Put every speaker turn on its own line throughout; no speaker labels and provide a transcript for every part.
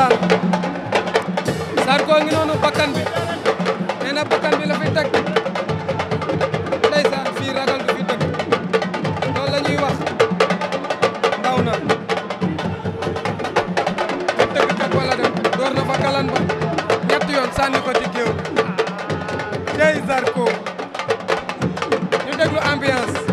Sarr Zarko ngi noonu bakkan bi nee na bakkan bi la fi teg ndeysaan fii ragal du fi teg loolu la ñuy wax ndaw na ba tëggkat wala dem door na fa kalan ba ñetti yoon sànni ko ci géew cey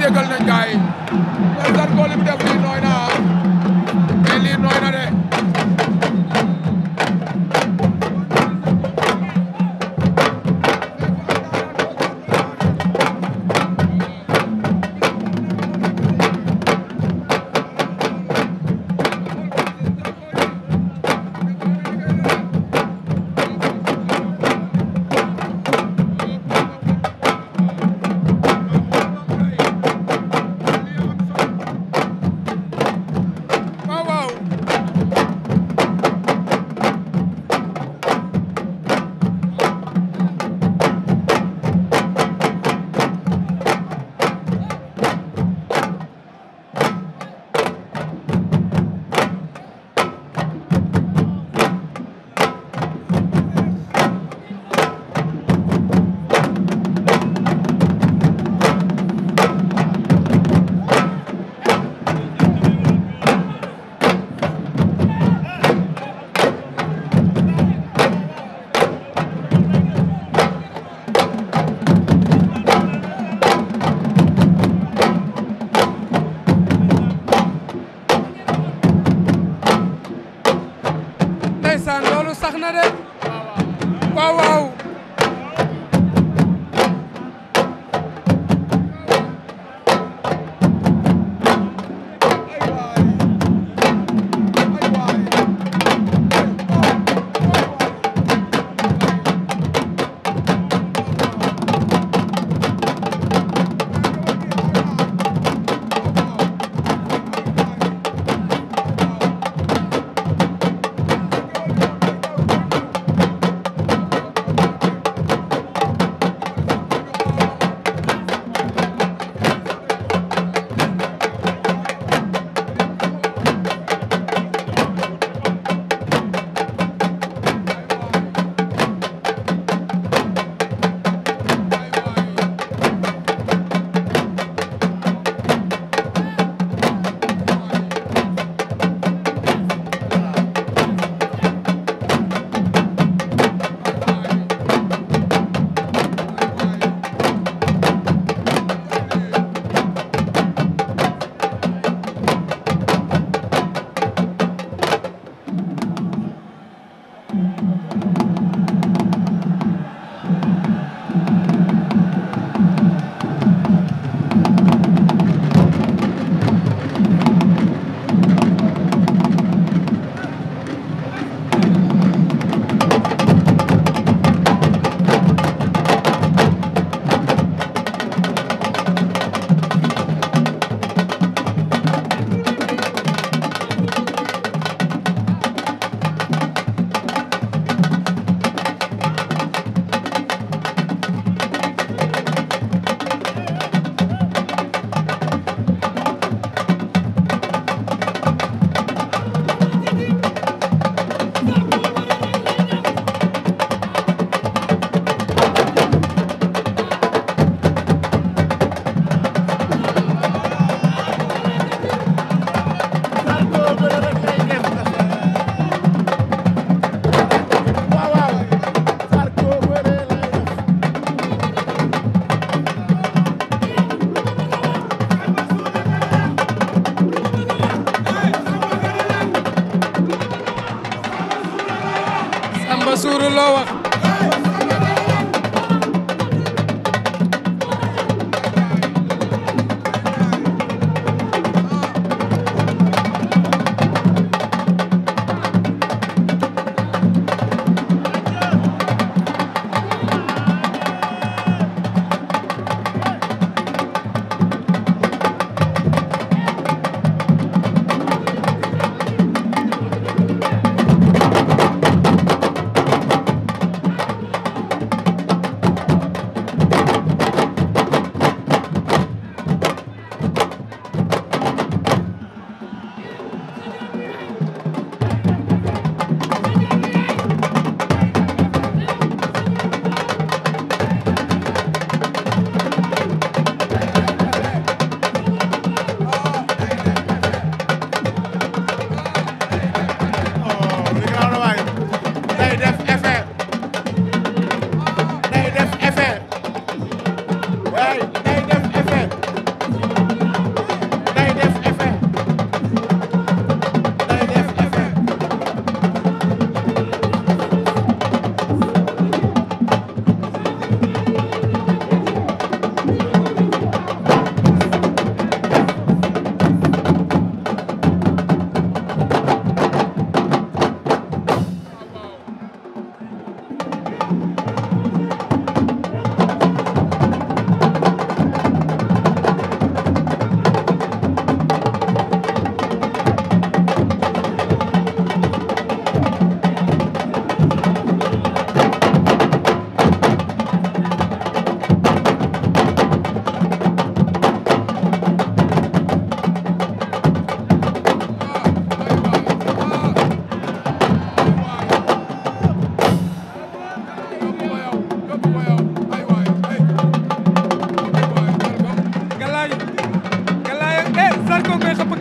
déggal nañ gars yi. ndax Zarko li mu def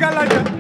Galaye